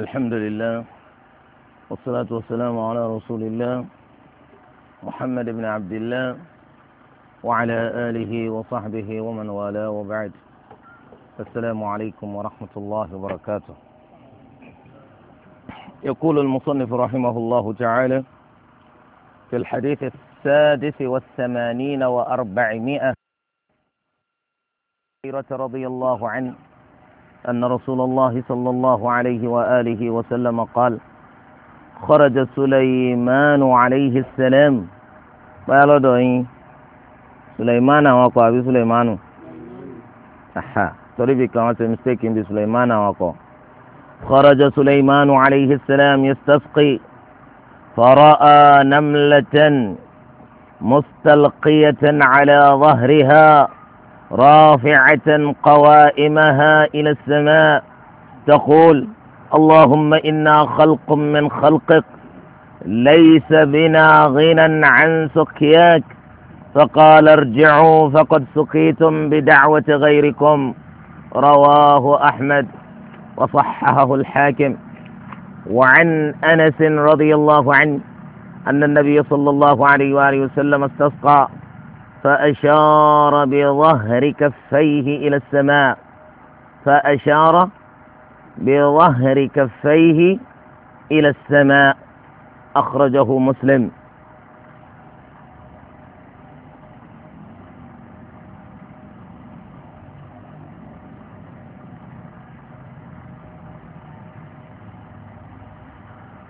الحمد لله والصلاة والسلام على رسول الله محمد بن عبد الله وعلى آله وصحبه ومن والاه وبعد السلام عليكم ورحمة الله وبركاته يقول المصنف رحمه الله تعالى في الحديث السادس والثمانين وأربعمائة رضي الله عنه أن رسول الله صلى الله عليه وآله وسلم قال خرج سليمان عليه السلام قال دعي سليمان وقع أبي سليمان أحا تريبي كما تمستيكين بسليمان وقع خرج سليمان عليه السلام يستسقي فرأى نملة مستلقية على ظهرها رافعة قوائمها إلى السماء تقول اللهم إنا خلق من خلقك ليس بنا غنى عن سقياك فقال ارجعوا فقد سقيتم بدعوة غيركم رواه أحمد وصححه الحاكم وعن أنس رضي الله عنه أن النبي صلى الله عليه وآله وسلم استسقى فأشار بظهر كفيه إلى السماء فأشار بظهر كفيه إلى السماء أخرجه مسلم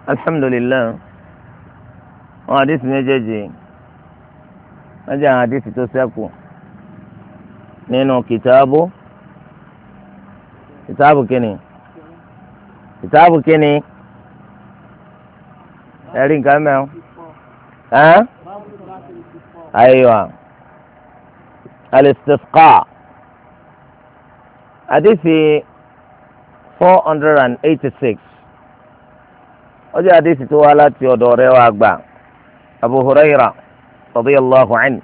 الحمد لله وحديث جزيل wọ́n jẹ́ àwọn àdìsí tó sẹ́kù nínú kìtàbù kìtàbù kìíní kìtàbù kìíní ẹ̀rí nǹkan mẹ́rin ẹ́n aywa al-istisqa àdìsí four hundred and eighty six ó jẹ́ àdìsí tó wá láti ọ̀dọ̀ ọ̀rẹ́ àgbà Abu Hurairah radiyallahu anhu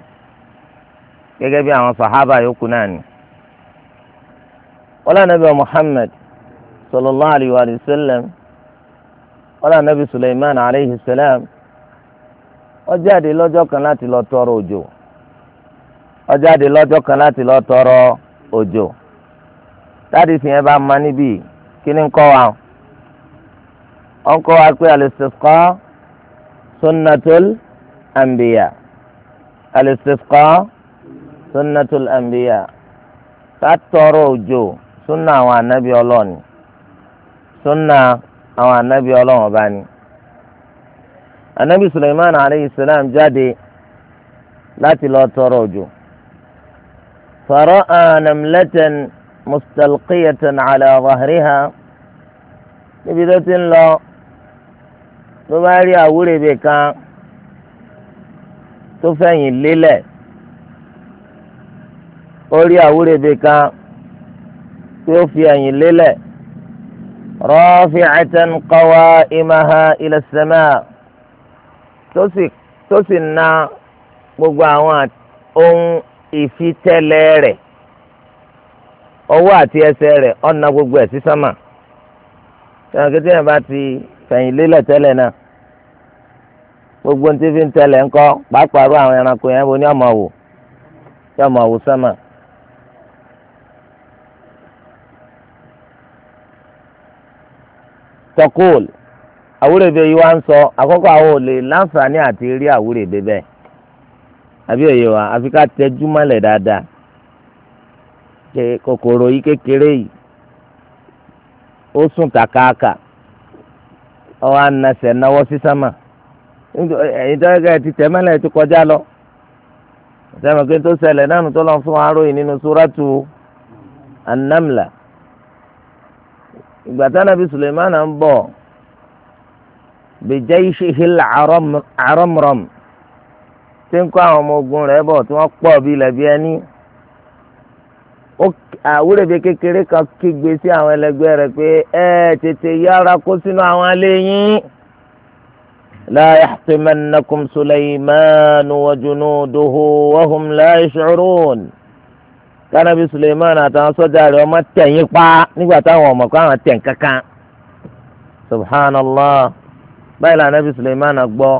gẹ́gẹ́ bí àwọn sàhábà yòókù náà ni. wọ́n ànábì muhammad sallallahu alayhi wa sallam wọ́n ànábì suleiman alayhi salam ó jáde lọ́jọ́ kan láti lọ tọrọ òjò ó jáde lọ́jọ́ kan láti lọ tọrọ òjò táàdì tìyẹn bá ma níbí kí ni ń kọ́ wa ó ń kọ́ wa pé al-istisqa sunnatul anbiya al-istisqa sunnatul anbiya kátọrọ òjò sunna àwọn anabi ọlọ́ọ̀ni sunna àwọn anabi ọlọ́wọ̀n bá ní. anabi suleiman aleyhi salam jáde láti lọ tọrọ òjò. fara'a namlatan mustalqiyatan ala zahriha níbi tó ti ń lọ ló bá rí àwúrẹ́bẹ̀ kan tó fẹ̀yìn lélẹ̀ orí àwúrẹ́bẹ kan tí ó fi ẹ̀yìn lélẹ̀ rafi'atan qawa'imaha ila as-sama' tó sì na gbogbo àwọn ohun ìfitẹ́lẹ̀ rẹ̀ ọwọ́ àti ẹsẹ̀ rẹ̀ ọ̀nà gbogbo ẹ̀ sí sánmà tẹ̀wọ̀n kí tẹ̀yìn bá ti fẹ̀yìn lélẹ̀ tẹ́lẹ̀ náà. gbogbo ní ti fi ń tẹlẹ̀ ńkọ́ pàápàá rú àwọn ẹranko yẹn ọmọ wò ní ọmọ wò yìí wá ń sọ àkọ́kọ́ àwọn ò lè láǹfààní àti rí bẹ́ẹ̀ àbí òye wa àfi ká tẹjú mọ́lẹ̀ dáadáa kòkòrò yìí kékeré ìdọ́gà ti tẹ̀mẹ́lẹ̀ ti kọjá lọ sẹ́mi pé tó ṣẹlẹ̀ náà tó lọ fún aróyìn nínú súrátù anamla ìgbà tí Ànábì Suleiman ń bọ̀ bìjẹ́ ìṣehìl àrọ́mrọ́m tí ń kó àwọn ọmọ ogun rẹ̀ bọ̀ tí wọ́n pọ̀ bí lẹ́bi ẹni àwúrẹ̀bẹ kékeré kan kígbe sí àwọn ẹlẹgbẹ́ rẹ̀ pé ẹ tètè yára kó sínú àwọn alẹ́ لا يحطمنكم سليمان وجنوده وهم لا يشعرون كان suleiman àtàwọn sọ́jà rẹ̀ ọmọ tẹ̀yìn pa nígbà táwọn ọmọ kọ́ àwọn tẹ̀yìn kankan subhanallah báyìí lànàbì suleiman gbọ́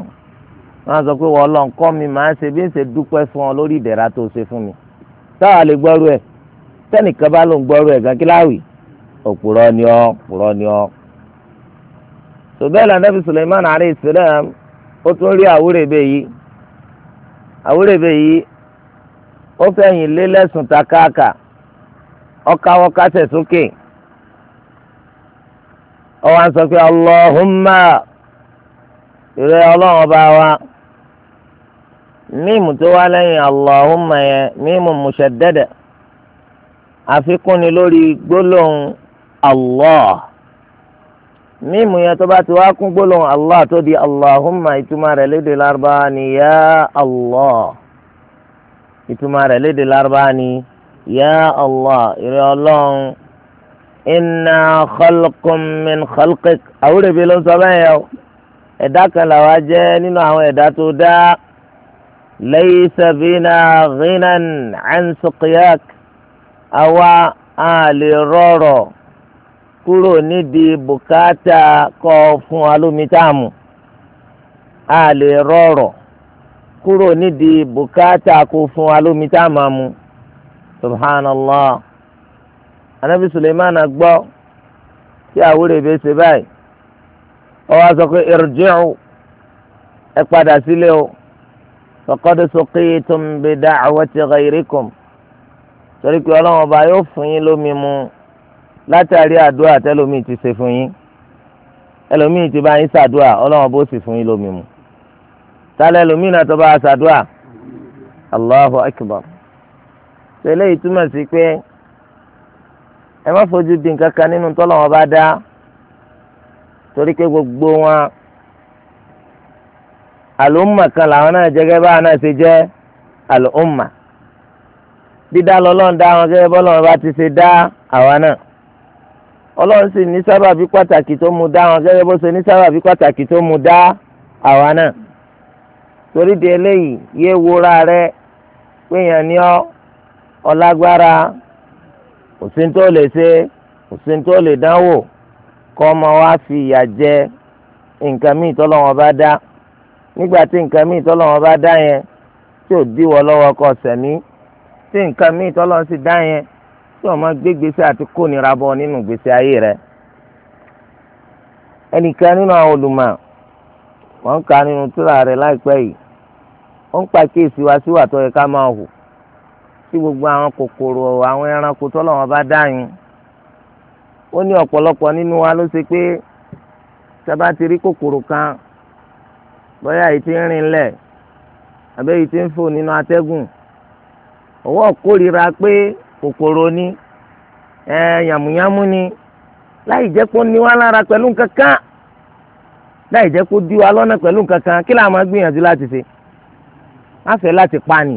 wọ́n sọ pé wọ́n lọ kọ́ mi màá ṣe bí ń ṣe dúpẹ́ fún ọ lórí ìdẹ̀ra tó ṣe fún mi táwa lè gbọ́rú ẹ̀ tẹ́nìkan bá ló ń gbọ́rú ẹ̀ gan kíláwì òpùrọ̀ ni ọ́ òpùrọ̀ ni ọ́ sọbẹ́ẹ̀lì anabi suleiman alayhi salam ó tún rí àwúrẹ́bẹ̀ yìí àwúrẹ́bẹ̀ yìí ó fẹ̀yìn lé lẹ́sùn takáàkà ọkàwọ́ kásẹ̀ sókè ó wá ń sọ pé ìrẹ́ ọlọ́run ọba wa mímu tó wá lẹ́yìn yẹn mímu mushaddada àfikún ni lórí gbólóhùn Allah. mímu yẹn tó bá ti wá kún gbólóhùn allah tó di allahumma ìtumọ̀ rẹ̀ lédè lárúbá ni ya allah ìtumọ̀ rẹ̀ lédè lárúbá ni ya allah ìrẹ ọlọ́run inna khalqum min khalqik àwúrẹ̀ bíi ló ń sọ bẹ́ẹ̀ yẹn o ẹ̀dá kan làwa jẹ́ nínú àwọn ẹ̀dá tó dá laysa bina ghinan an suqiyak a lè rọrọ̀ kúrò nídìí bùkátà kọ́ fún alómitàmù a lè rọrọ̀ kúrò nídìí bùkátà kó fún alómitàmù amú subhanallah anabi suleiman gbọ́ tí àwúrẹ̀ bẹ́ẹ̀ ṣe báyìí ó wá sọ pé irji'u ẹ padà sílé o faqad suqitum bi da'wati ghayrikum torí pé ọlọ́run ọba yóò fún yín lómi mu látàrí àdúrà tẹlómi ti ṣe fún yín ẹlòmíì ti bá yín ṣàdúrà ọlọ́run bó sì fún yín lómi mu tálẹ̀ ẹlòmíì náà tó bá ṣàdúrà allahu akbar tẹ́lẹ̀ yìí túmọ̀ sí pé ẹ má fojú di nǹkan kan nínú tọ́lọ́wọ́n bá dá torí pé gbogbo wọn àlùmà kan làwọn náà jẹ́ gẹ́gẹ́ báwọn náà ṣe jẹ́ àlùmà dídá lọ́lọ́run wọn gẹ́gẹ́ bọ́lọ́run bá ti ṣe dá àwa náà ọlọ́run sì ní sábàbí pàtàkì tó mu dá wọn gẹ́gẹ́ bó ṣe ní sábàbí pàtàkì tó mu dá àwa náà torí di eléyìí yé wúra rẹ pé èèyàn ní ọ ọlágbára òsín tó lè ṣe òsín tó lè dánwò kọ́ ọmọ wa fi ìyà jẹ nǹkan míì tọ́lọ́wọ́n bá dá nígbà tí nǹkan míì tọ́lọ́wọ́n bá dá yẹn tí ò díwọ́ lọ́wọ́ kọ́ sẹ̀mí tí nǹkan míì tọ́lọ́wọ́n sì dá yẹn tó o máa gbé gbèsè àti kó nira bọ nínú gbèsè ayé rẹ ẹnìkan nínú àwọn olùmọ̀ wọ́n kà nínú tírà rẹ̀ láìpẹ́ yìí wọ́n ń pàkíyèsí wa síwà tó yẹ ká máa hù sí gbogbo àwọn kòkòrò àwọn ẹranko tọ́lọ́wọ́n bá dáyìn ó ní ọ̀pọ̀lọpọ̀ nínú wa ló ṣe pé sábà ti rí kòkòrò kan bóyá èyí ti ń rìn lẹ̀ àbẹ́ ti ń fò nínú atẹ́gùn òwò kórìíra pé kòkòrò ni yàmùyàmù ni láì jẹ́ kó ní wá lára pẹ̀lú kankan láì jẹ́ kó lọ́nà pẹ̀lú kankan kí làá máa gbìyànjú láti ṣe á láti pa ni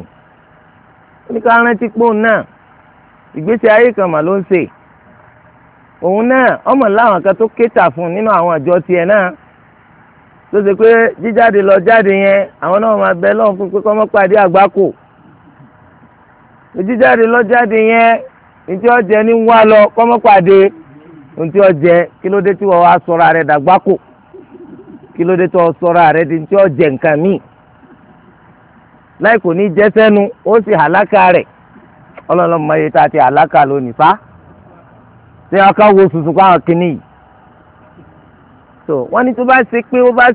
oníkà rántí pòun náà ìgbésẹ̀ ayé kan mà ló ń ṣe òun náà ọmọ láwọn kan fún nínú àwọn àjọ tiẹ̀ náà tó ṣe pé lọ jáde yẹn àwọn náà máa bẹ pé kọ́ mọ́ jíjáde lọ́jáde yẹn ntí ọjẹ ní wá lọ kọ́mọ́pàdé ntí ọjẹ kí ló dé tí wọ́n wá sọ̀rọ̀ rẹ dàgbákò kí ló dé tí wọ́n sọ̀rọ̀ rẹ̀ di ntí ọjẹ nǹkan míì láì kò ní jẹ́ sẹ́nu ó sì hàlákà rẹ̀ ọlọ́run wo àwọn kìnnìyì wọ́n ní tó bá ṣe pé ó bá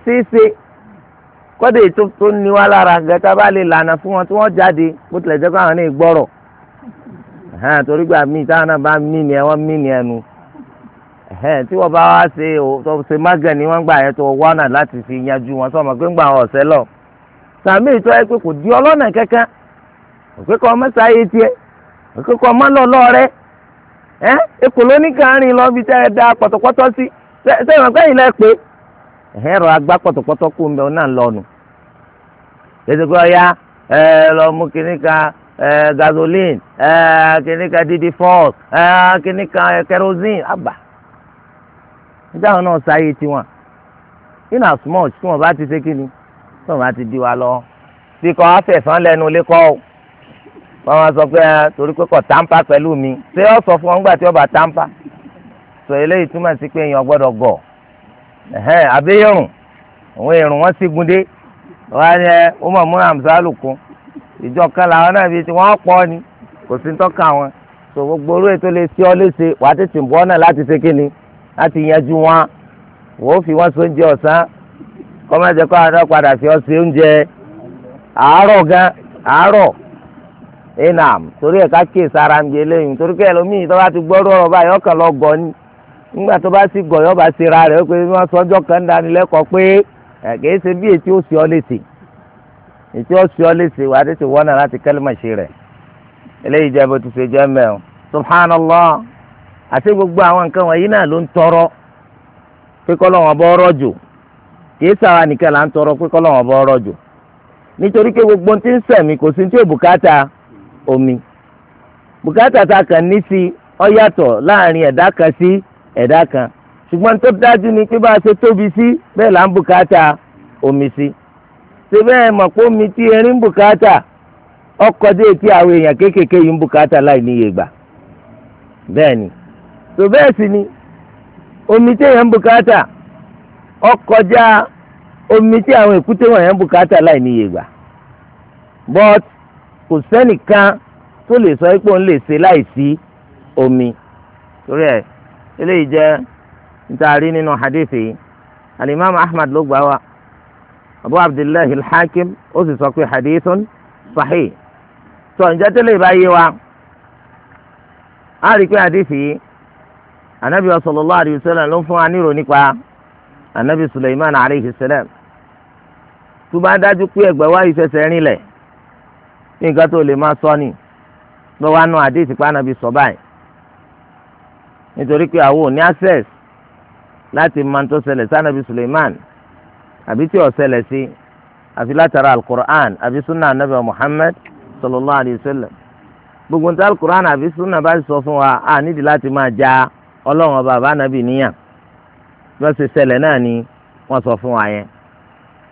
kọ́dà ètò tó ní wá lára gẹ́tà bá lè lànà fún wọn tí wọ́n jáde bó tilẹ̀ jẹ́ àwọn náà gbọ́rọ̀ torí gbà míì mí ni ẹ wọ́n mí ni ẹnu tí wọ́n bá wá ṣe ṣe ni wọ́n gbà yẹn tó wá láti fi yanjú wọn sọ pé ń gbà wọn lọ sàmì ìtọ́ ẹ pé kò di ọlọ́nà kankan kọ́ ọmọ sáyé ẹ̀rọ agbá pọ̀tọ̀pọ̀tọ̀ kú mbẹ́ ọ̀nà lọ́nu ètùkọ́ ya ẹ lọ mú kínní ẹ gasoline ẹ kínní kan fọ́ọ̀s ẹ kínní kerosene àbà níta wọn náà sáyé tiwọn in as tí bá ti ṣe tí ti di wa lọ bí kò afẹ́fọ́n lẹ́nu lé kọ́ ọ́ wọ́n máa sọ pé ẹ torí pé tàǹpà mi ṣé ọ sọ fún wọn nígbà tí ọba tàǹpà sọ eléyìí túmọ̀ sí pé èèyàn gbọ́dọ̀ gọ̀ ẹ̀hẹ́n abẹ́yẹ̀rùn àwọn èrùn wọn sì gúndé wọn á yẹ ó mọ̀ mú àmúsálù kún ìjọ kan làwọn náà fi ti wọ́n ni kò sí tọ́ka wọn tó gbogbo orú ètò lè ṣe ọ́ léṣe wà á tètè bọ́ náà láti ṣe kíni láti yanjú wọn fi wọn so oúnjẹ ọ̀sán kọ́ má padà fi ọ́ sí oúnjẹ àárọ̀ gan àárọ̀ ìnàm torí ẹ̀ ká kíyèsára ń gbé eléyìí torí kẹ́ ẹ̀ lómi ìtọ́ bá ti nígbà tó bá sì gọ̀yọ́ bá ra rẹ̀ pé wọ́n sọ ọjọ́ kan dánilẹ́kọ̀ọ́ pé kìí ṣe bí etí ó sì ọ́ léṣe etí ó sì ọ́ léṣe wà á tètè wọ́n náà láti kẹ́lẹ́mọ̀ ṣe rẹ̀ eléyìí jẹ́ bó ti ṣe jẹ́ mẹ́ọ̀ subhanallah àti gbogbo àwọn nǹkan wọ̀nyí náà ló ń tọrọ pé kọ́lọ́wọ́n bọ́ ọrọ̀ jù kìí sàwa nìkan là ń tọrọ pé bọ́ gbogbo ti ń sẹ̀mí kò sí omi bùkátà ta kàn ọ yàtọ̀ láàrin ẹ̀dá kan ẹ̀dá kan ṣùgbọ́n tó dájú ni pé bá a ṣe tóbi sí bẹ́ẹ̀ là omi sí ṣe bẹ́ẹ̀ mọ̀ pé omi tí erin ń bùkátà ọkọ̀ dé tí àwọn èèyàn kéékèèké yìí ń bùkátà láì níye gbà ọkọjá omi tí àwọn èkúté wọ̀nyẹn ń bùkátà but kò sẹ́nìkan tó lè sọ pé òun lè omi eléyìí jẹ́ ntaari nínú hadithi yìí alimami ahmad ló gbà wá abu abdullahi alhakim ó sì sọ pé hadithun sahih tó ǹjẹ́ tẹ́lẹ̀ ìbáyé wa a rí pé hadithi yìí anabi sallallahu alayhi wa sallam ló ń fún wa nírò nípa anabi suleiman alayhi salam tó bá dájú pé ẹgbẹ́ wa yìí fẹsẹ̀ rinlẹ̀ nǹkan tó lè máa sọ ni lọ́wọ́ àánú hadithi pa anabi sọ báyìí nítorí pé àwọn ò ní access láti máa ń tó ṣẹlẹ̀ sànàbí Suleiman àbí tí ò ṣẹlẹ̀ sí àfi látara alukur'an àbí sunna anabi Muhammad sallallahu alayhi wa sallam gbogbo nta alukur'an àbí sunna bá sọ fún wa a nídìí láti máa ja ọlọ́run ọba àbá anabi níyàn bí wọ́n náà ni wọ́n sọ fún wa yẹn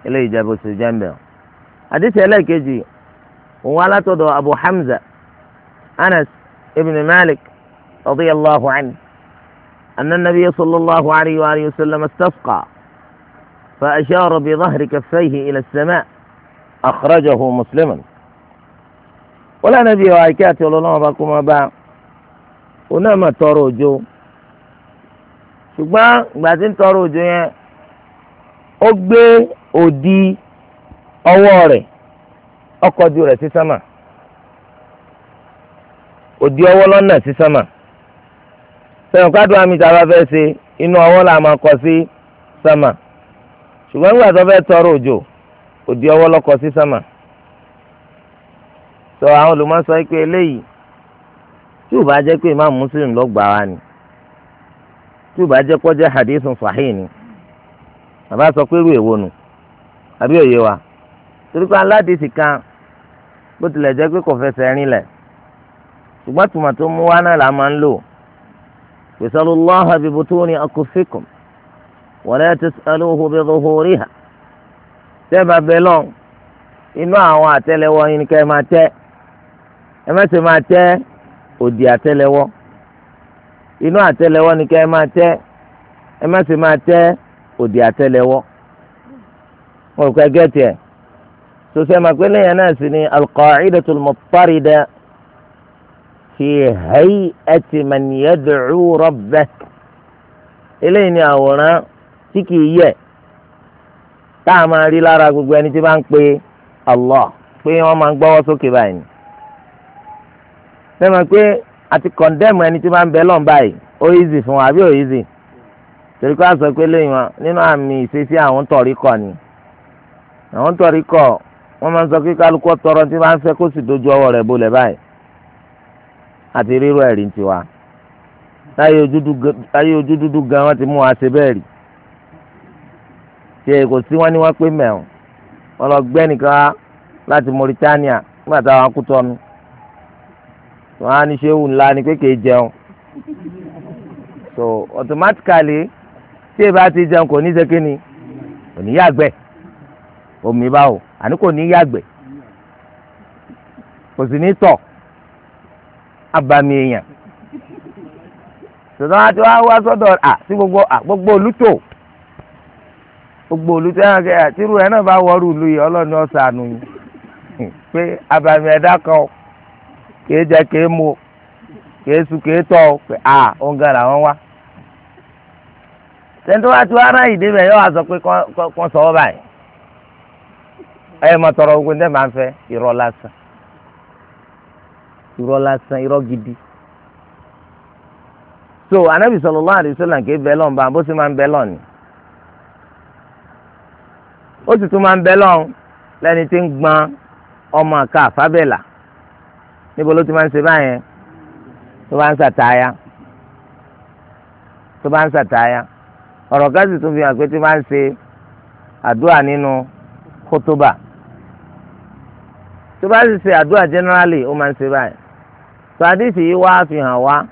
eléyìí jẹ́ bó ṣe jẹ́ ń bẹ̀ ọ́ àdìsí ẹlẹ́ẹ̀kejì òun alátọ̀dọ̀ Abu Hamza Anas ibn Malik radiyallahu anhu. أن النبي صلى الله عليه وآله وسلم استسقى فأشار بظهر كفيه إلى السماء أخرجه مسلما ولا نبي وآيكات الله بكم أبا ونما تروجو شكرا بعدين تروجو أقبل ودي أواري أقدر سسما أودي أولانا سسما sẹ́yìn kádùn àmì tá a bá fẹ́ ṣe inú ọwọ́ là máa kọ sí sàmà ṣùgbọ́n nígbà tó fẹ́ tọrọ òjò òdi ọwọ́ ló kọ sí sàmà sọ àwọn olùmọ̀sọ pé eléyìí tí ò bá jẹ́ pé Imam Muslim ló gbà wá ni tí ò bá jẹ́ kó jẹ́ hadithun sahih ni bàbá sọ pé irú èwo nu àbí òye wa torí pé aládìsí kan bó tilẹ̀ jẹ́ pé kò fẹsẹ̀ rinlẹ̀ ṣùgbọ́n tùmọ̀ mú wá náà là máa ń lò. اسألوا الله ببطون أكفكم ولا تسألوه بظهورها تبع بلون inú àwọn àtẹ́lẹwọ́ yín ni ká ẹ máa tẹ ẹ má sì máa tẹ òdì àtẹ́lẹwọ́ inú àtẹ́lẹwọ́ ni ká ẹ máa tẹ ẹ má sì máa tẹ òdì àtẹ́lẹwọ́ wọn kò gẹ́tì ẹ̀ sọsẹ́ máa pé lẹ́yìn náà sì ni alqa'idatul muttarida fi hay'ati man yad'u rabbah eléyìí ni àwòrán tí kìí yẹ tá a máa rí lára gbogbo ẹni tí bá ń pe Allah pé wọ́n máa ń gbọ́wọ́ sókè báyìí ni sẹ́mi pé àti kọ̀ndẹ́mù ẹni tí bá ń bẹ lọ́n báyìí ó easy fún wa àbí ó easy torí ká sọ pé lẹ́yìn wọn nínú àmì ìṣesí àwọn tọ̀rí kọ̀ ni àwọn tọ̀rí kọ̀ wọ́n máa ń sọ pé kálukọ́ tọrọ tí wọ́n máa ń fẹ́ kó sì dojú ọwọ́ rẹ̀ bolẹ̀ báyìí àti rírọ ẹ̀rí tiwa láyé ojú dúdú gan wọ́n ti mú wa ṣe bẹ́ẹ̀ rí tiẹ̀ kò sí wọn ni wọ́n pé mẹ́ọ̀ ọlọ́gbẹ́ nìkan wá láti Mauritania nígbà táwọn akútọ́nu wọn á ní ṣéwù ńlá ni pé kìí jẹun so automatically tí èbá ti jẹun kò ní ṣe kí ni kò ní yàgbẹ́ omi báwo àní kò ní yàgbẹ́ kò sì ní tọ̀. abami èèyàn tòtò ti wá wá à sí gbogbo à gbogbo olùtò gbogbo olùtò yẹn kẹ àtirú ẹ náà bá ìlú yìí ọlọ́ni ọ̀sánù yìí pé abami ẹ̀dá kan kìí jẹ kìí mu kìí su kìí tọ̀ pé à òun gan ti ìdí bẹ̀ yọ wá sọ pé kọ́ irọ́ lásán irọ́ gidi so anabi sallallahu alaihi wasallam kì í bẹ lọ́n bá bó sì máa ń bẹ lọ́n ni ó sì tún máa ń bẹ lọ́n lẹ́ni tí ń gbọ́n ọmọ àka àfábẹ́là níbo ló ti máa ń ṣe báyẹn tó bá ń ṣàtàyà tó bá ń ṣàtàyà ọ̀rọ̀ ká sì tún fi hàn pé tí máa ń ṣe àdúrà nínú kótóbà tó bá sì ṣe àdúrà generally ó máa ń ṣe báyẹn. sàdísì yìí wá fi hàn wá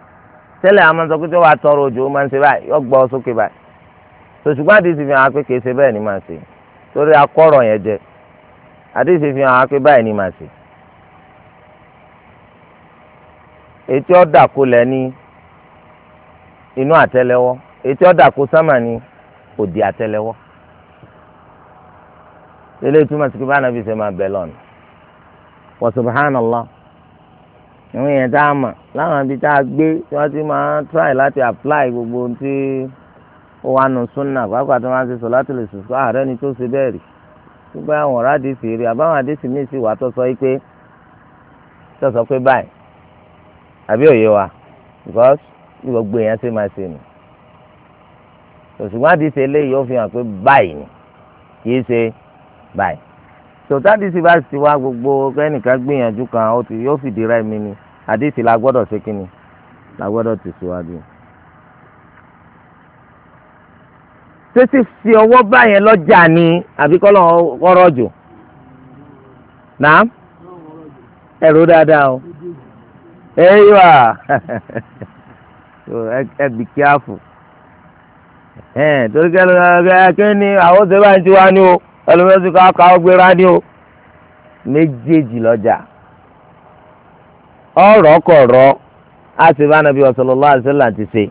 tẹ́lẹ̀ àwọn sọ pé tí bá tọrọ òjò máa ń ṣe báyìí yọ gbọ́ sókè báyìí sòṣùgbọ́n àdìsí fi hàn pé kìí ṣe bẹ́ẹ̀ ni màá ṣe torí akọ́rọ̀ yẹn jẹ àdìsí fi hàn pé báyìí ni màá ṣe. etí inú etí àwọn èèyàn tá a mà láwọn ibi tá a gbé tí wọ́n ti máa try láti apply gbogbo ohun tí ó wà nù súnà pàápàá tí wọ́n ti sọ láti lè sùn ààrẹ ni tó ṣe bẹ́ẹ̀ rí gbogbo àwọn ọ̀rá àdìsí rí àbáwọn àdìsí míì sì wà tó sọ pé tó sọ pé báyìí àbí òye wa because gbogbo èèyàn ṣe máa ṣe nù òṣùwọ̀n àdìsí eléyìí ó fi hàn pé báyìí ni kì í ṣe báyìí sọtádìsí bá sì wá gbogbo kẹ́nìkan gbìyànjú kan ó ti yóò fìdí rẹ̀ mi ni àdìsí la gbọ́dọ̀ ṣe kínni la gbọ́dọ̀ tì síwájú. títí fi ọwọ́ báyẹn lọ́jà ni àbí kọ́lọ́ ọ̀rọ̀ jù náà ẹ̀rọ dáadáa o ẹ̀yọ́ ẹ bì kíáfù torí kẹ́lẹ́ kẹ́ni àwọn ọ̀sẹ̀ bá ń ti wá ní o. ẹlòmíràn sì kọ́ akáwọ́ ah, gbé rádìó méjèèjì lọ́jà ọ̀rọ̀ kọ̀ọ̀rọ̀ á sì bá nàbí sallallahu alaihi ti ṣe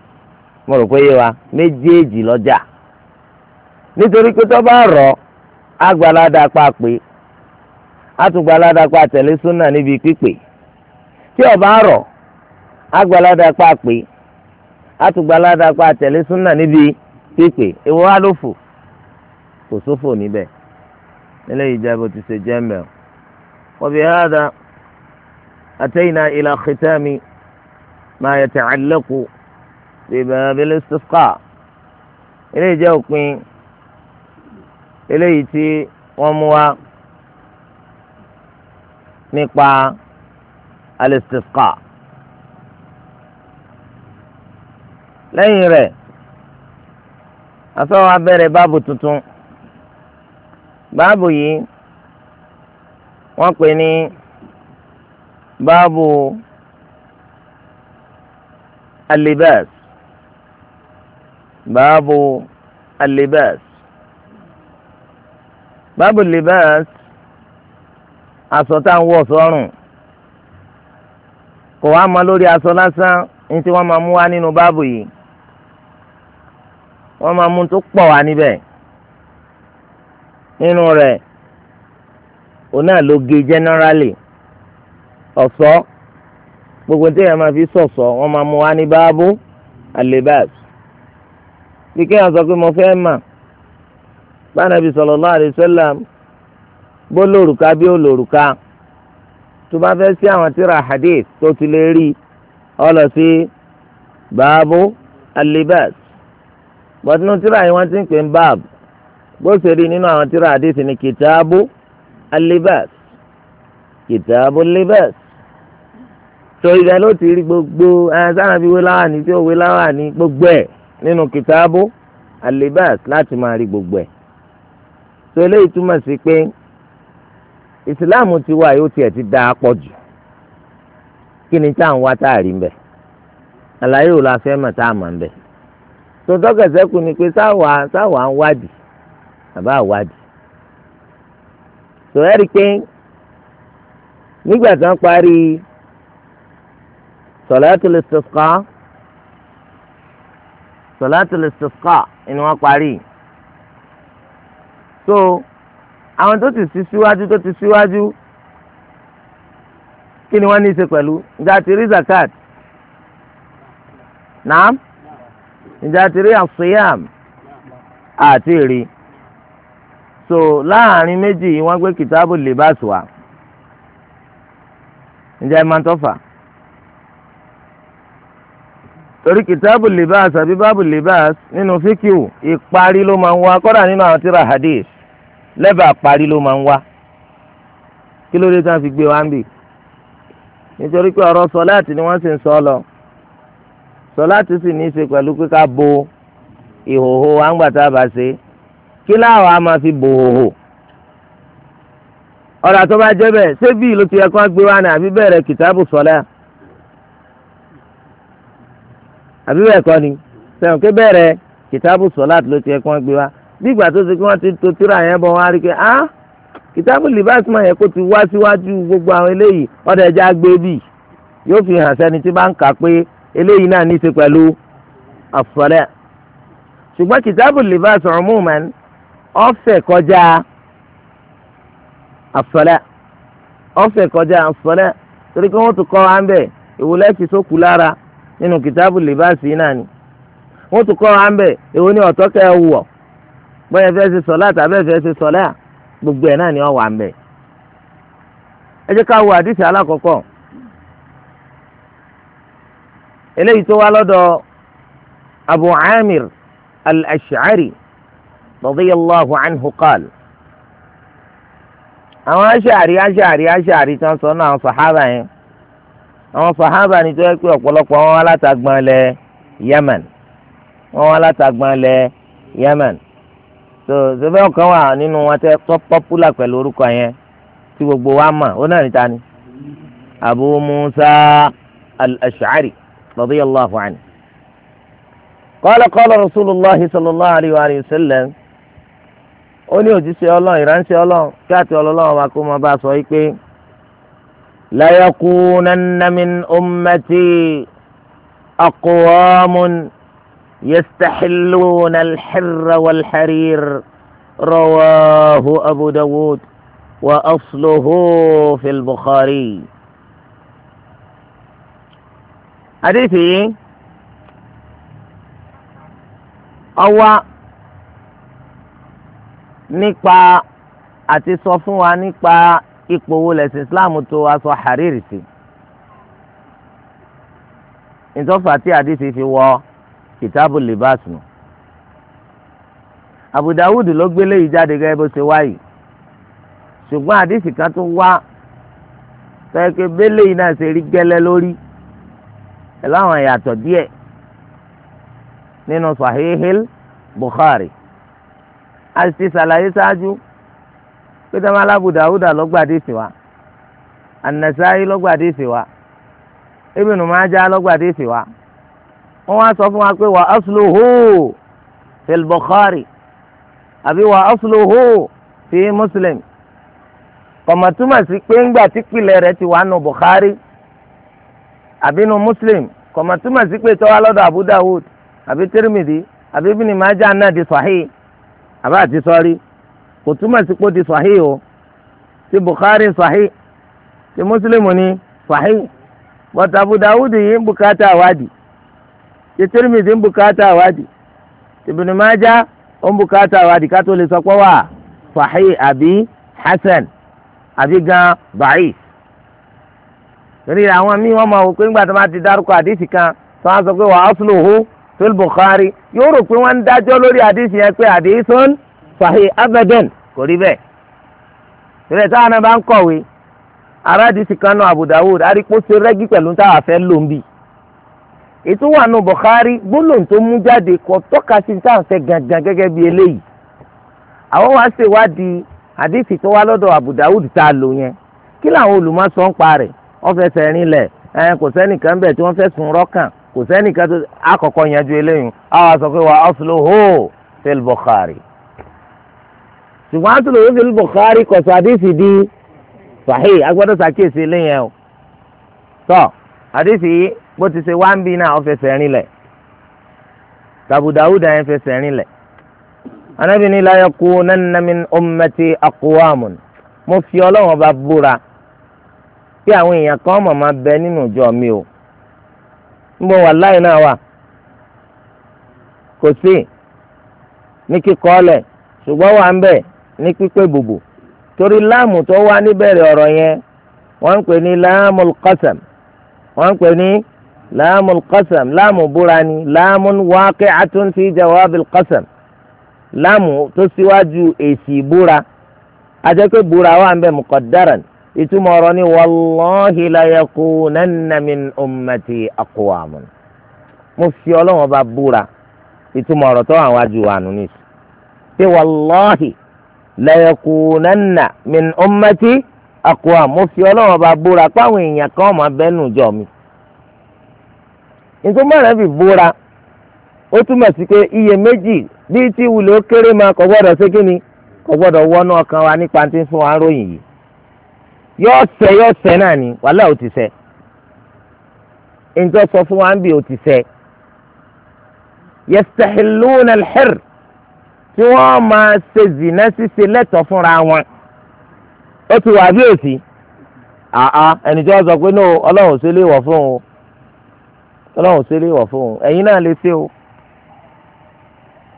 mo rò pé yé wa méjèèjì lọ́jà nítorí pé tó bá agbalada pa pé atùgbalada pa tẹ̀lé súnà níbi pípé tí pa pé pa tẹ̀lé súnà níbi pípé á eléyìí jẹ́ bó ti ṣe jẹ́ mẹ́ọ̀. وبهذا أتينا إلى ختام ما يتعلق بباب الاستسقاء eléyìí jẹ́ òpin eléyìí tí wọ́n mú wá nípa al-istisqa lẹ́yìn rẹ̀ afẹ́wọ́n abẹ́rẹ́ báàbù tuntun báàbù yìí wọ́n pè ní báàbù alibas báàbù alibas báàbù alibas aṣọ tá à ń wọ̀ sọ́rùn kò wá mọ lórí aṣọ lásán ní tí wọ́n máa mú wá nínú báàbù yìí wọ́n máa mú tó pọ̀ wá níbẹ̀ nínú rẹ̀ òun náà ló generally ọ̀ṣọ́ gbogbo tí èèyàn máa fi ṣọ̀ṣọ́ wọ́n máa mú wá ní báábú alibas bí kéèyàn sọ pé mo fẹ́ mà bá nàbì sallallahu alaihi wasallam bó lòrùka bí ó lòrùka tó bá fẹ́ sí àwọn tíra hadith tó ti lè rí ọ lọ sí báàbù alibas bọ́tínú tíra yìí wọ́n ti ń pè ń báàbù bó ṣe rí nínú àwọn tíra àdìsí ni kìtàbù alibas kìtàbù libas tó ibẹ̀ ló ti rí gbogbo sáà fi wé láwàní tí ó wé láwàní gbogbo ẹ̀ nínú kìtàbù alibas láti máa rí gbogbo ẹ̀ tó eléyìí túmọ̀ sí pé ìsìláàmù ti wá yóò tiẹ̀ ti dáa pọ̀ jù kí ni tá à ń wá tá à rí mbẹ àlàyé ò la fẹ́ mọ̀ tá à mọ̀ mbẹ tòótọ́ kẹsẹ́ kù ni pé sáwà sáwà ń wádìí àbá àwádìí tó ẹ rí i pé nígbà tí wọ́n parí salatul istisqa salatul istisqa ni wọ́n parí so àwọn tó ti sí síwájú tó ti síwájú kí ni wọ́n ní í ṣe pẹ̀lú ìjà ti rí zakat naam ìjà ti rí àṣeyàm àti èrè so láàrin méjì yìí wọ́n gbé kìtáàbù libas wá ǹjẹ́ ẹ máa tọ́fà torí kìtáàbù libas àbí báàbù libas nínú fíkìú ìparí ló máa ń wá kọ́dà nínú àwọn tíra hadith lẹ́bàá parí ló máa ń wá kí ló dé tí wọ́n fi gbé wá ń bì nítorí pé ọ̀rọ̀ sọláàtì ni wọ́n sì ń sọ lọ sọláàtì sì ní í ṣe pẹ̀lú pé ká bo ìhòòhò àǹgbàtà bá ṣe é kí láwọn a máa fi bò hòhò ọ̀rọ̀ àtọ́ bá jẹ́ bẹ́ẹ̀ ṣé bí ìlú ti yẹ kó gbé wá ní àbí bẹ̀rẹ̀ kìtàbù sọ̀lá àbí bẹ́ẹ̀ kọ́ ni sẹ́wọ̀n ké bẹ̀rẹ̀ kìtàbù sọ̀lá ló ti yẹ kó gbé wá bí ìgbà tó ṣe kí wọ́n ti to tíra yẹn bọ̀ wọ́n á rí i pé ah kìtàbù libasi máa yẹ kó ti wá síwájú gbogbo àwọn eléyìí ọ̀dọ̀ ẹja gbé bì yóò fi hàn sẹ́ni tí bá ń kà pé eléyìí náà ní í ṣe pẹ̀lú àfọ̀lẹ́ ṣùgbọ́n kìtàbù libasi umuman ọ̀fẹ́ kọjá àsọlẹ̀ ọ̀fẹ́ kọjá àsọlẹ̀ torí pé wọ́n tún kọ́ wa ń bẹ̀ èwo lẹ́ẹ̀kì sókù lára nínú kìtàbù lèbáàsì náà ni wọ́n tún kọ́ wa ń bẹ̀ èwo ni ọ̀tọ́ kẹ́ ẹ wọ̀ bẹ́ẹ̀ fẹ́ ṣe sọ̀lá tàbẹ́ fẹ́ ṣe sọ̀lá gbogbo ẹ̀ náà ni ó wà ń bẹ̀. ẹ jẹ́ ká wo àdìsí alákọ̀ọ́kọ́ eléyìí tó wá lọ́dọ̀ Abu Amir al-Ash'ari رضي الله عنه قال aṣáàrí aṣáàrí aṣáàrí tí wọ́n sọ náà àwọn sàhábà yẹn àwọn sàhábà ni tó yẹ pé ọ̀pọ̀lọpọ̀ wọn wá látàgbọ́n lẹ̀ Yemen so ṣẹfẹ ọ̀kan wà nínú wọn tẹ tọ pọpúlà pẹ̀lú orúkọ yẹn tí gbogbo wa mọ̀ ó náà níta ni Abu Musa al-Ash'ari radiyallahu anhu qala qala Rasulullahi sallallahu alayhi wa sallam. ó ní òjíṣẹ́ ọlọ́run ìránṣẹ́ ọlọ́run kí àti ọlọ́run wa kó máa bá a sọ yìí pé la yakunanna min ummati aqwamun yastahilluna al-hirra wal-harir rawahu abu dawud wa asluhu fi al-bukhari. àdìsí yìí ọwọ́. nípa àti sọ fún wa nípa ipò wo lẹ̀sìn islam tó aṣọ hariri sí ìtọ́fà tí àdìsí fi wọ kìtàbù libas nù Abu Dawud ló gbélé yìí jáde gẹ́gẹ́ bó ṣe wáyìí ṣùgbọ́n àdìsí kan tó wá tẹ́kẹ́ bẹ́lẹ̀ yìí náà ṣe rí gẹ́lẹ́ lórí pẹ̀lú àwọn ìyàtọ̀ díẹ̀ nínú sahihil Bukhari a ti ṣàlàyé ṣáájú pé tẹ́lẹ̀ alábù dàúdà lọ́gbàdé sí wa ànàsáyé lọ́gbàdé sí wa ibùnú májá lọ́gbàdé sí wa wọ́n wá sọ fún wa pé wà asluhu fil Bukhari àbí wà asluhu fi Muslim kọ̀mọ̀ túmọ̀ sí pé ńgbà tí pìlẹ̀ rẹ̀ ti wà nù Bukhari àbí nù Muslim kọ̀mọ̀ túmọ̀ sí pé tọ́wá lọ́dọ̀ Abu Dawud àbí Tirmidhi àbí ibùnú májá náà di sahih àbá àti sọ́rí kò túmọ̀ sí pé ó di sahih o ti Bukhari sahih ti Muslim ni sahih bọ́tà Abu Dawud yìí ń bùkátà àwádìí ti Tirmidhi ń bùkátà àwádìí ti Ibn Majah ń bùkátà àwádìí ká tó lè sọ pé wà sahih àbí hasan àbí gan ba'if torí àwọn míì wọ́n máa wò ńgbà tó máa ti dárúkọ àdìsí kan tó wọ́n sọ pé wà asluhu fil Bukhari yóò rò pé wọ́n ń dájọ́ lórí àdìsí yẹn pé àdìsún sahih abadan kò rí bẹ́ẹ̀ ìrẹ̀ táwọn náà bá ń kọ̀wé aráàdìsí kanu Abu Dawud arípòsí rẹ́gí pẹ̀lú táwọn afẹ́ ló ń bì ètò wà nù Bukhari gbólóhùn tó mú jáde kò tọ́ka sí táwọn fẹ́ gangan gẹ́gẹ́ bí eléyìí àwọn wá ṣèwádìí àdìsí tó wá lọ́dọ̀ Abu Dawud tá a lò yẹn kí làwọn olùmọ̀ sọ ń pa rẹ̀ wọ́n fẹsẹ̀ rinlẹ̀ ẹ̀ kò sẹ́nìkan bẹ̀ tí wọ́n fẹ́ sùn rọ́kàn kò sẹ́nìkan tó akọ̀kọ́ yanjú eléyìí àwọn sọ pé wà asluhu fil Bukhari ṣùgbọ́n asluhu fil Bukhari kò sọ àdìsí di sahih agbọ́dọ̀ sàkíyèsí eléyìí ẹ̀ o tọ́ àdìsí bó ti ṣe wá ń bí náà ó fẹsẹ̀ lẹ̀ Abu Dawud yẹn fẹsẹ̀ lẹ̀ Ànábì ní la yakunanna min ummati mo fi Ọlọ́run ọba búra pé àwọn èèyàn kan mọ̀ máa bẹ nínú ìjọ mi o níbo wàláì náà wà kò sí ní kíkọ́ ọ̀lẹ̀ ṣùgbọ́n wà ń bẹ̀ ní pípé bùbù torí láàmù tó wá níbẹ̀rẹ̀ ọ̀rọ̀ yẹn wọ́n ń pè ní láàmù kọ́sàm wọ́n ń pè ní láàmù kọ́sàm láàmù búra ni láàmù wákẹ́ àtúntì jawabi kọ́sàm láàmù tó síwájú èsì búra ajẹ́ pé búra wà ń bẹ̀ mùkọ̀dáràn ìtumọ̀ ọ̀rọ̀ ni wàlláhi láyẹ̀kú nẹ́nàmín ọmọdé àkọ́wàmù mo fi ọlọ́run ọba búra ìtumọ̀ ọ̀rọ̀ tó àwọn ajú wa nù nìyí pé wàlláhi láyẹ̀kú nẹ́nàmín ọmọdé àkọ́wàmù mo fi ọlọ́run ọba búra páwọn èèyàn kan ọmọ jọ mi fi búra ó túmọ̀ sí pé iye méjì bíi tí wùlé ó kéré máa yóò tẹ yóò tẹ náà ni wàhálà ò ti ṣẹ njọ sọ fún wa ń bì ò ti ṣẹ yastahilluna al-hirr tí wọ́n máa ṣe zina ṣíṣe lẹ́tọ̀ọ́ fúnra wọn ó ti wà bí òsì àá ẹnìjọ́ sọ pé náà ọlọ́run ò sí lè wọ̀ fún o ọlọ́run ò sí lè wọ̀ fún o ẹ̀yin náà lè ṣe o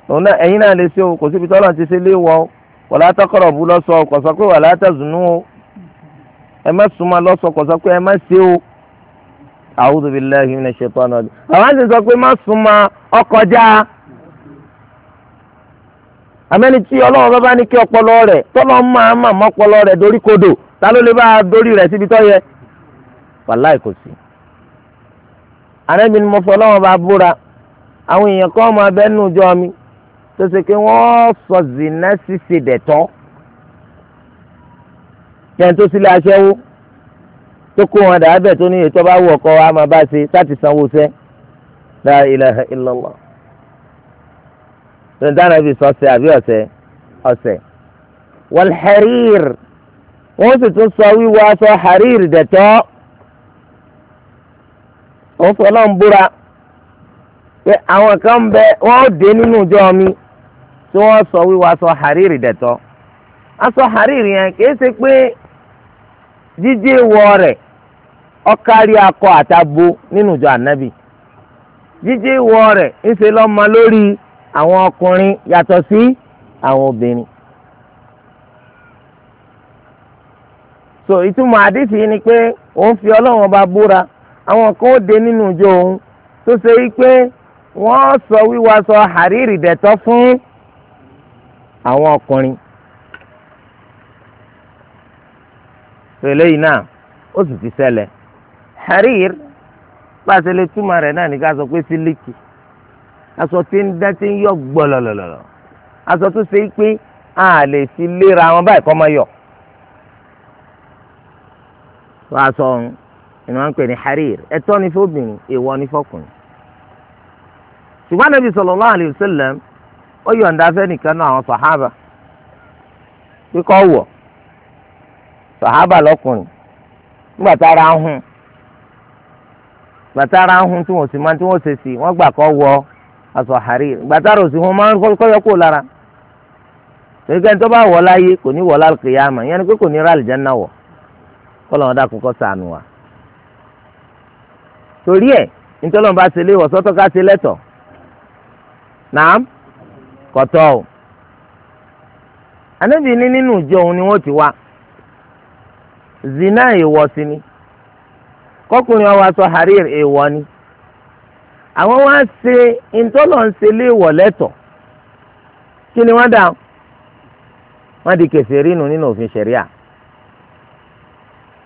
òun náà ẹ̀yin náà lè ṣe o kò síbi tí ọlọ́run ti ṣe lè wọ̀ o wala taqrabu lọ́sọ̀ kò sọ pé wala tazunu o ẹ má súnmọ́ lọ́sọkọ̀sọ pé ẹ má ṣe o a'udhu billahi minash shaitani rajim àwọn àti sọ pé má súnmọ́ ọkọjá àmẹ́ni tí ọlọ́run bá bá ní kí ọpọlọ rẹ̀ tọ́lọ́ máa mà mọ́pọlọ rẹ̀ dorí kodò ta ló lè bá a dorí rẹ̀ síbi tó yẹ wàláì kò sí. àrẹ́bí mo fọ ọlọ́run bá búra àwọn èèyàn kan máa bẹ́ẹ̀ nù mi tó ṣe pé wọ́n sọ zìnnà ṣíṣe dẹ̀tọ́ yẹn tó sílé aṣẹ́wó tó kó wọn dàábẹ̀ tó ní ètò bá wù ọkọ wa máa bá ṣe láti sanwó sẹ́ la ilaha illallah tó ń dáná bí sọ́sẹ̀ àbí ọ̀sẹ̀ ọ̀sẹ̀ wàlhẹ́rìr wọ́n sì tún sọ wíwọ aṣọ hàrìr dẹ̀tọ́ òun fọlọ́ ń búra pé àwọn kan bẹ wọ́n dé nínú ìjọ mi tí wọ́n sọ wíwọ aṣọ hàrìr dẹ̀tọ́ aṣọ hàrìr yẹn kì í ṣe pé. Jíjí ìwọ rẹ̀ ọ̀kárí akọ àtàbò nínú ìjọ ànábì Jíjí ìwọ rẹ̀ ńṣe lọ́mọ lórí àwọn ọkùnrin yàtọ̀ sí àwọn obìnrin. so ìtumọ̀ àdìsí ni pé òun fi ọlọ́run ọba búra àwọn kan ó dé nínú ìjọ òun tó ṣe wípé wọ́n sọ wíwá sọ àríìrì dẹ̀tọ́ fún àwọn ọkùnrin. So, tẹ̀lé náà ó sì ti ṣẹlẹ̀ harir pàṣẹ lè túmọ̀ rẹ̀ náà ní ká sọ pé sílíkì aṣọ tí ń tí ń yọ gbọlọlọlọ aṣọ tó a lè fi léra wọn báyìí kọ́ mọ́ yọ. wọ́n aṣọ ọ̀hún ni wọ́n ń pè ní harir ẹ̀tọ́ ni fóbìnrin èèwọ̀ ni fọkùnrin. ṣùgbọ́n Ànábì sallallahu alayhi ó sọ̀hábà lọ́kùnrin nígbà tára ń hun gbàtàrà ń hun tí wọn sì máa tí wọ aṣọ àárí gbàtàrà òsì wọn máa ń kọyọ kó lára gẹ́gẹ́ tó bá wọ láyé kò ní wọ lálùkìyàmà yẹn ni pé kò ní ra àlìjáná wọ kọlọ wọn sànù torí ẹ̀ nítorí bá ṣe lé ká ṣe nínú ìjọ òun ni zina èèwọ̀ sí ni kọkùnrin ọwọ́ aṣọ harir èèwọ̀ ni àwọn wá ṣe ìtọ́lọ̀ ń ṣe léèwọ̀ lẹ́tọ̀ kí ni wọ́n dà wọ́n di kèfèrí nù nínú òfin ṣẹ̀ríà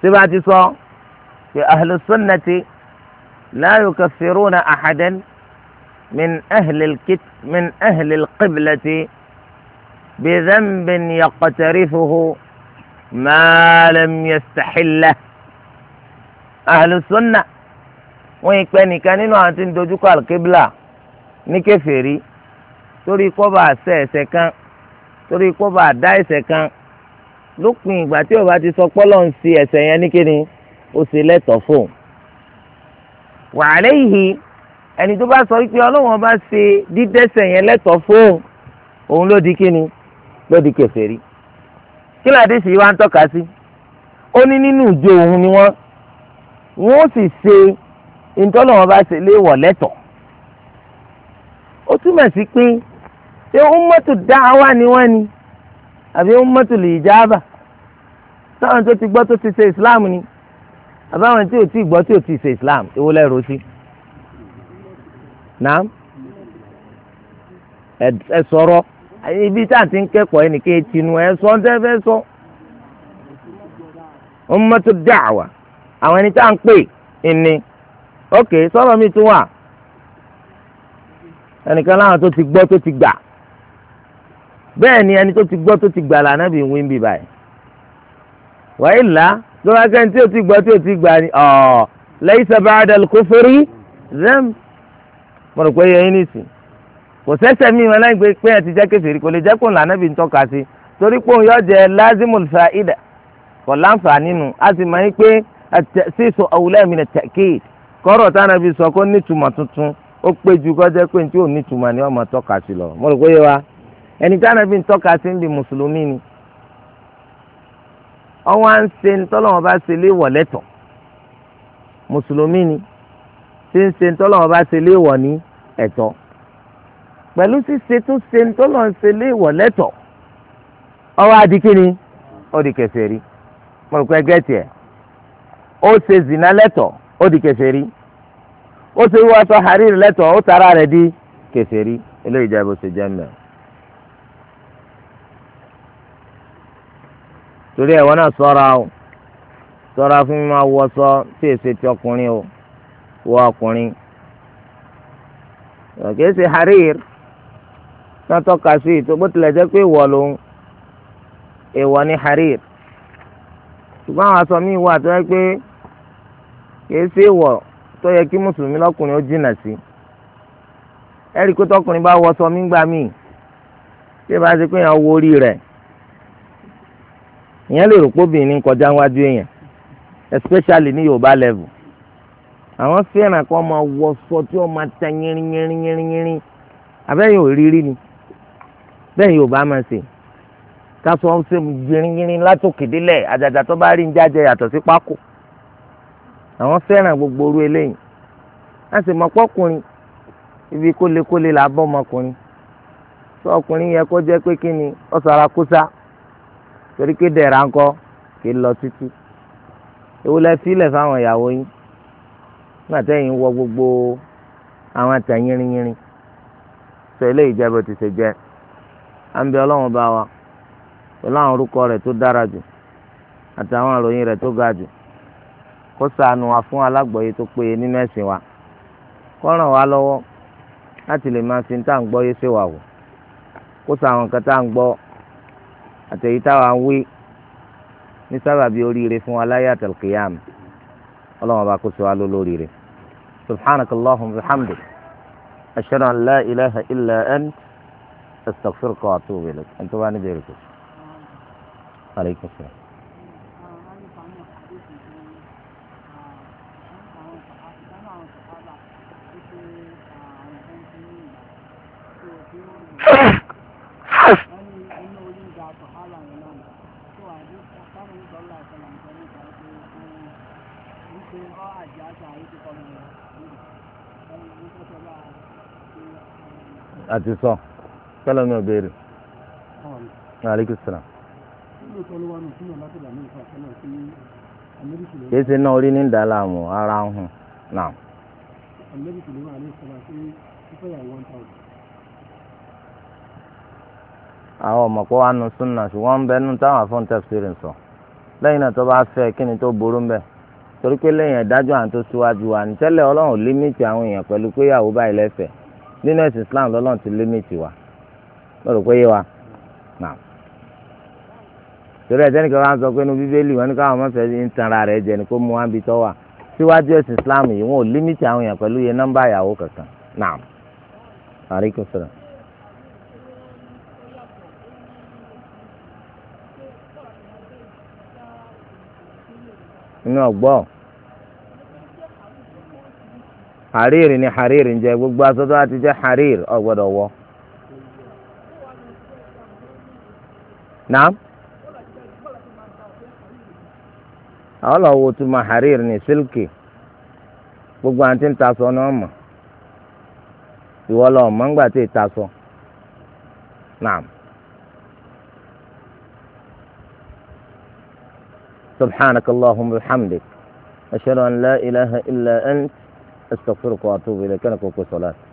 tí bá ti sọ pé ahlu sunnati la yukaffiruna ahadan min ahlil qiblati bi dhanbin yaqtarifuhu. ما لم yastahillah أهل السنة wọ́n yìí pẹ́ nìkan nínú àwọn tí ń dojúkọ alqibla ní kèfèrí torí kọ́ba àṣẹ ẹ̀ṣẹ̀ kan torí kọ́ba àdá ẹ̀ṣẹ̀ kan lópin ìgbà tí ó bá ti sọ pọ́lọ́ ń ṣe ẹ̀ṣẹ̀ yẹn ní ó ṣe lẹ́tọ̀ọ́ fóun. wa alayhi ẹni tó bá sọ wípé ọlọ́wọ́n bá ṣe dídẹ́ṣẹ̀ yẹn lẹ́tọ̀ọ́ fóun òun ló di kíni ló di kèfèrí kí ládìsí wa ń tọ́ka sí ó ní nínú ìjọ òun ni wọ́n wọ́n sì ṣe ìtọ́lọ̀ wọn bá ṣe léèwọ̀ lẹ́tọ̀ ó túmọ̀ sí pé ṣé ummatu da'wa ni wọ́n ni àbí ummatu lijaba táwọn tó ti gbọ́ tó ti ṣe islam ni àbáwọn tí ò tí gbọ́ tí ò ti ṣe islam èwo lẹ́rọ sí naam ẹ sọ̀rọ̀ ibi tá à ti ń kẹ́kọ̀ọ́ ẹnìkan tinú ẹ sọ ń tẹ́fẹ́ sọ ummatu da'wa àwọn ẹni tá à ń pè ẹni ok sọ̀rọ̀ mi tún wà ẹnìkan láwọn tó ti gbọ́ tó ti gbà bẹ́ẹ̀ ni ẹni tó ti gbọ́ tó ti gbà lànà bí wí ń bì báyìí wàyí là tó bá kẹ́ni tí o ti gbọ́ tí o ti gbà ni ọ̀ laysa ba'da al-kufri zam mo rò pé yẹn ní sìn kò sẹ́sẹ̀ mi wọn láì pé ẹ ti jẹ́ kèfèrí kò lè jẹ́ kó lànà bí n tọ́ka sí torí pé òun yọ jẹ lazimul fa'ida kò láǹfààní nu a sì máa ń pé sísọ awùlẹ̀ mi nà tẹ̀kì kọ́rọ̀ táwọn ẹbí sọ kó nítumọ̀ tuntun ó pé ju kọjá pé tí ò nítumọ̀ ni wọ́n máa tọ́ka sí lọ mo rò pé yé wa ẹni táwọn ẹbí ń tọ́ka sí ń di mùsùlùmí ni ọwọ́ à ń ṣe ntọ́lọ́wọ́n bá ṣe léwọ̀ lẹ́tọ̀ mùsùlùmí ni ṣe ń ṣe ntọ́lọ́wọ́n bá ṣe léwọ̀ ní ẹ̀tọ́ pẹ̀lú ṣíṣe tó ṣe ń tọ́lọ̀ ń ṣe lé ìwọ̀lẹ́tọ̀ ọwọ́ adikini ó di kẹsẹ̀ rí mo rò pé ẹgbẹ́ tiẹ̀ ó ṣe zina lẹ́tọ̀ ó di kẹsẹ̀ rí ó ṣe wíwá sọ hariri lẹ́tọ̀ ó tara rẹ̀ di kẹsẹ̀ rí eléyìí jẹ́ bó ṣe jẹ́ mẹ́rin. torí ẹ̀ wọ́n náà sọ́ra o sọ́ra fún mi máa wọṣọ tí èsè ti ọkùnrin o wọ ọkùnrin kìí ṣe harir náà tọ́ka sí ètò bó tilẹ̀ jẹ́ pé ìwọ̀ lòun ìwọ̀ ni harir ṣùgbọ́n àwọn aṣọ míì wà tó yẹ pé kìí ṣe ìwọ̀ tó yẹ kí mùsùlùmí lọ́kùnrin ó jìnnà sí ẹ̀rí pé tọkùnrin bá wọ aṣọ mígbà míì tí ìbá ṣe pé èèyàn wo orí rẹ̀ ìyẹn lè rò pé obìnrin kọjá wájú èèyàn especially ní Yorùbá level àwọn fẹ́ràn kí wọ́n máa wọ aṣọ tí wọ́n máa ta yínrín yínrín yínrín yínrín abẹ́yìn ò rírí ni bẹ́ẹ̀ yóò bá máa ṣe ká sọ ọ́n ṣe yìnyín látòkè délẹ̀ àjàjà tó bá rí ń jájẹ yàtọ̀ sí pákó àwọn fẹ́ràn gbogbo orú eléyìí á sì mọ pọ́kùnrin ibi kólekóle là bọ́ ọmọkùnrin tó ọkùnrin yẹ kó jẹ́ pé kí ni ó sara kúsá torí pé dẹ̀ra ńkọ́ kì í lọ títí ewu lẹ sílẹ̀ fáwọn ìyàwó yín nígbà tẹ́yìn wọ gbogbo àwọn àtẹ̀yìnrìnyìnrìn sọ eléyìí jẹ́ bó ti ṣe jẹ́ à ń bẹ ọlọ́run bá wa pẹ̀lú àwọn orúkọ rẹ̀ tó dára jù àtàwọn àròyìn rẹ̀ tó ga jù kó ṣàánú wa fún alágbọ̀yé tó péye nínú ẹ̀sìn wa kó ràn wá lọ́wọ́ láti lè máa fi tá ń gbọ́ yé wà wò kó ṣàwọn nǹkan tá ń gbọ́ àtẹ̀yí táwa ń wí ní sábàbí oríire fún aláyé àtàlùkìyàm ọlọ́run bá kó ṣe wá ló lóríire subhanakallahumma wa bihamdik ashhadu an la ilaha illa ant astaghfiruka wa atubu ilayk ẹni tó bá ní bèrè kò sí. aleykum salaam. àti sọ. So kálọ̀ náà béèrè. aleykum salaam. kì í ṣe náà orí ní ìdáláàmú ara ń hùn náà. àwọn ọmọkọ wa nù súnà ṣùgbọ́n ń bẹ nù táwọn afọ́ntẹ́fẹ́rẹ́ sọ lẹ́yìn náà tó bá fẹ́ kí ni tó burú ń bẹ̀ torí pé lẹ́yìn ẹ̀dájọ́ àwọn tó síwájú wa nítẹ́lẹ̀ ọlọ́run límìtì àwọn èèyàn pẹ̀lú pé ìyàwó báyìí lẹ́fẹ̀ẹ́ nínú ẹ̀sìn Islam lọ́lọ́run ti límìtì wa. lọ́rọ̀ pé yé wa náà torí ẹ̀ sẹ́nìkan wá sọ pé inú bíbélì wọn ní káwọn mọ̀sẹ̀ ń tanra rẹ̀ ni kó mú wọn bí tọ́ wà síwájú ẹ̀sìn Islam yìí wọn ò límìtì àwọn èèyàn pẹ̀lú iye nọ́mbà ìyàwó kankan náà sọ̀rọ̀. inú ọgbọ́ hariri ni hariri ń jẹ gbogbo hariri naam àwọn lọ wo tuma harir ní silki gbogbo àti ń tasọ náà mọ ìwọ lọ mọ ńgbà tí ì tasọ naam subhanaka allahumma wa bihamdik ashhadu an la ilaha illa ant astaghfiruka wa atubu ilayk kana